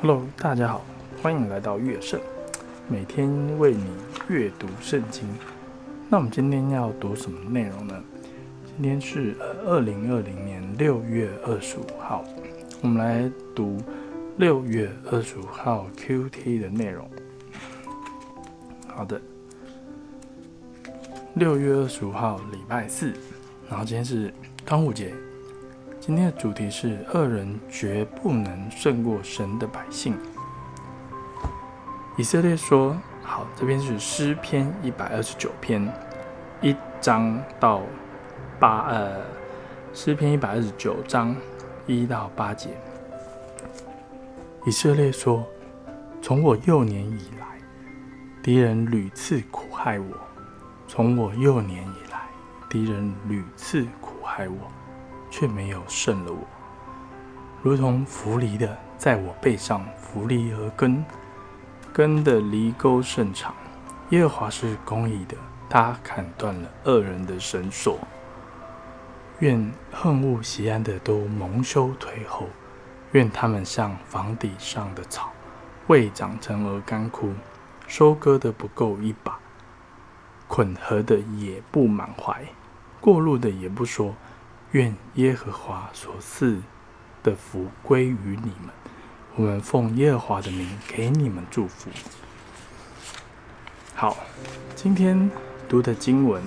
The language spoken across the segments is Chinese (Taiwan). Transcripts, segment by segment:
Hello，大家好，歡迎來到樂聖，每天為你閱讀聖經。那我們今天要讀什麼內容呢？今天是二零二零年六月二十五號，我們來讀六月二十五號 QT 的內容。好的，六月二十五號禮拜四，然後今天是端午節。今天的主題是：惡人絕不能勝過神的百姓。以色列說：“好，這邊是詩篇一百二十九篇，一章到八呃，詩篇一百二十九章一到八節。”以色列說：“從我幼年以來，敵人屢次苦害我；從我幼年以來，敵人屢次苦害我。”卻沒有勝了我，如同扶犁的，在我背上扶犁而耕，耕的犁溝甚長。耶和華是公義的，他砍斷了惡人的繩索。願恨惡錫安的都蒙羞退後，願他們像房頂上的草，未長成而乾枯，收割的不夠一把，捆禾的也不滿懷，過路的也不說。願耶和華所賜的福歸於你們。我們奉耶和華的名給你們祝福。好，今天讀的經文，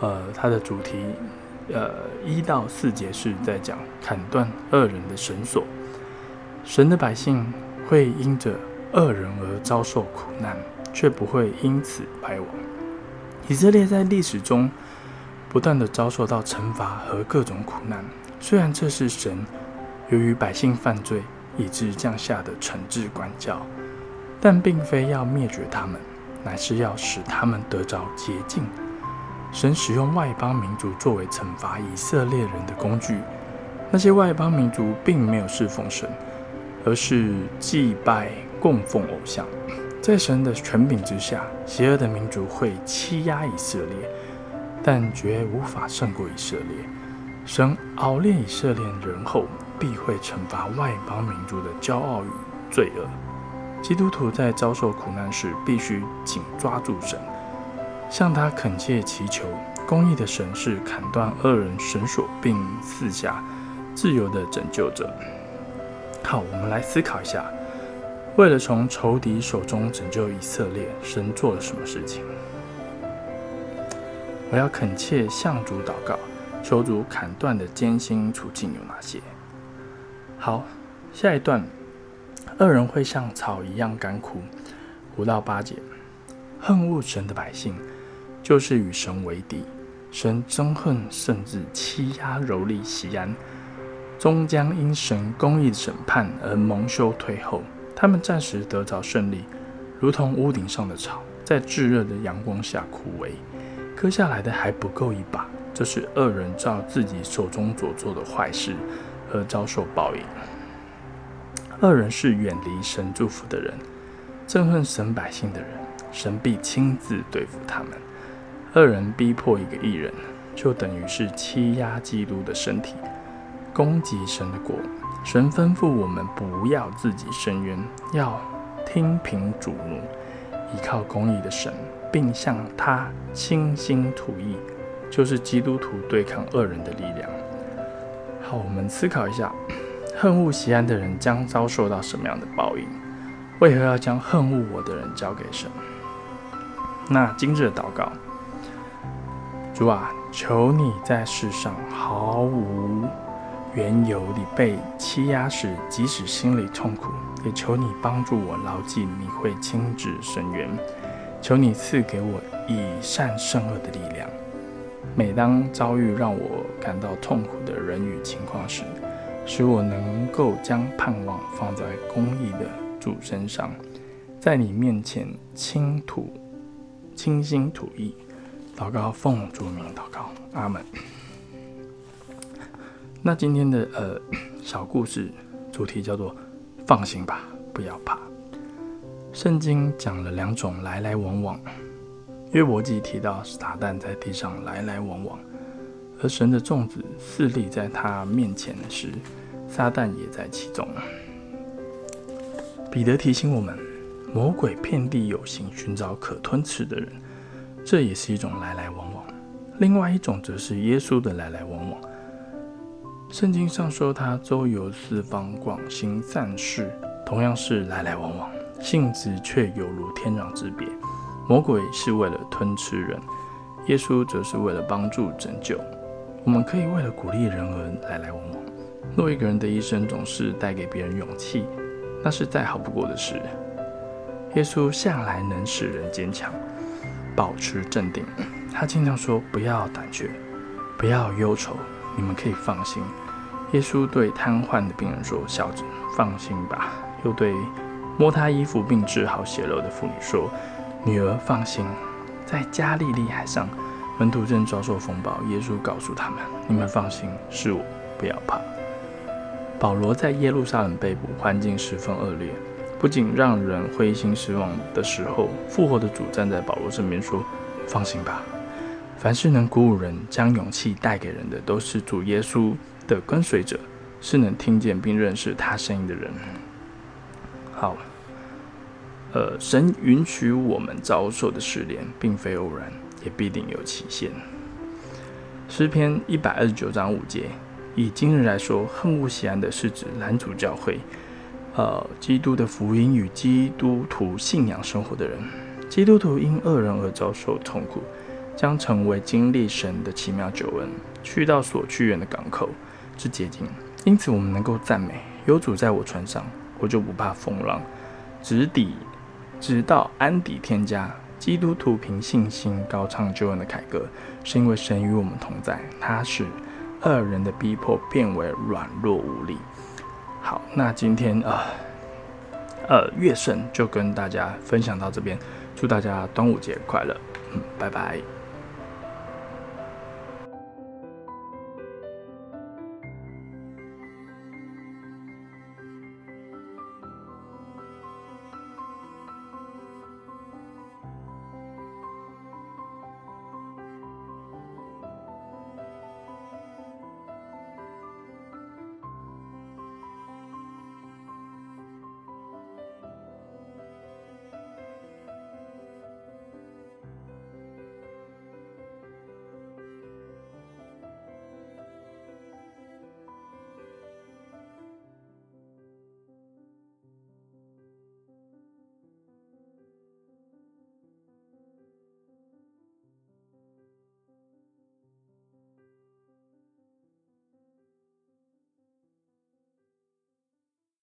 呃，它的主題，呃，一到四節是在講砍斷惡人的繩索。神的百姓會因着惡人而遭受苦難，卻不會因此敗亡。以色列在歷史中。不斷地遭受到懲罰和各種苦難，雖然這是神由於百姓犯罪以致降下的懲治管教，但並非要滅絕他們，乃是要使他們得着潔淨。神使用外邦民族作為懲罰以色列人的工具，那些外邦民族並沒有侍奉神，而是祭拜供奉偶像，在神的權柄之下，邪惡的民族會欺壓以色列。但絕無法勝過以色列。神熬煉以色列人後，必會懲罰外邦民族的驕傲與罪惡。基督徒在遭受苦難時，必須緊抓住神，向他懇切祈求。公義的神是砍斷惡人繩索並賜下自由的拯救者。好，我們來思考一下：為了從仇敵手中拯救以色列，神做了什麼事情？我要懇切向主禱告，求主砍斷的艱辛處境有哪些？好，下一段，惡人會像草一樣乾枯。五到八節，恨惡神的百姓，就是與神為敵，神憎恨，甚至欺壓、蹂躪、欺安，終將因神公義的審判而蒙羞退後。他們暫時得着勝利，如同屋頂上的草，在炙熱的陽光下枯萎。割下來的還不夠一把，這、就是惡人照自己手中所做的壞事而遭受報應。惡人是遠離神祝福的人，憎恨神百姓的人，神必親自對付他們。惡人逼迫一個義人，就等於是欺壓基督的身體，攻擊神的國。神吩咐我們不要自己伸冤，要聽憑主怒，依靠公義的神。並向他傾心吐意，就是基督徒對抗惡人的力量。好，我們思考一下，恨惡錫安的人將遭受到什麼樣的報應？為何要將恨惡我的人交給神？那今日的禱告，主啊，求你在世上毫無緣由的被欺壓時，即使心裡痛苦，也求你幫助我牢記你會親自伸冤。求你賜給我以善勝惡的力量。每當遭遇讓我感到痛苦的人與情況時，使我能夠將盼望放在公義的主身上，在你面前傾吐、傾心吐意，禱告奉主名禱告，阿門。 那今天的呃小故事主題叫做“放心吧，不要怕”。聖經講了兩種來來往往。約伯記提到撒旦在地上來來往往，而神的眾子侍立在他面前時，撒旦也在其中。彼得提醒我們，魔鬼遍地遊行，尋找可吞吃的人，這也是一種來來往往。另外一種則是耶穌的來來往往。聖經上說他周遊四方，廣行善事，同樣是來來往往。性質卻猶如天壤之別。魔鬼是為了吞吃人，耶穌則是為了幫助拯救。我們可以為了鼓勵人而來來往往。若一個人的一生總是帶給別人勇氣，那是再好不過的事。耶穌向來能使人堅強，保持鎮定。他經常說：“不要膽怯，不要憂愁，你們可以放心。”耶穌對癱瘓的病人說：“小子，放心吧。”又對。摸他衣服並治好血漏的婦女說：“女兒，放心，在加利利海上，門徒正遭受風暴。耶穌告訴他們：‘你們放心，是我，不要怕。’保羅在耶路撒冷被捕，環境十分惡劣，不僅讓人灰心失望的時候，復活的主站在保羅身邊說：‘放心吧，凡是能鼓舞人、將勇氣帶給人的，都是主耶穌的跟隨者，是能聽見並認識他聲音的人。’好，呃，神允許我們遭受的試煉，並非偶然，也必定有期限。詩篇一百二十九章五節，以今日來說，恨惡錫安的是指攔阻教會，呃，基督的福音與基督徒信仰生活的人。基督徒因惡人而遭受痛苦，將成為經歷神的奇妙救恩，去到所去遠的港口之捷徑。因此，我們能夠讚美有主在我船上。我就不怕風浪，直抵，直到安抵天家。基督徒憑信心高唱救恩的凱歌，是因為神與我們同在，他使惡人的逼迫變為軟弱無力。好，那今天呃呃，樂聖就跟大家分享到這邊，祝大家端午節快樂，嗯，拜拜。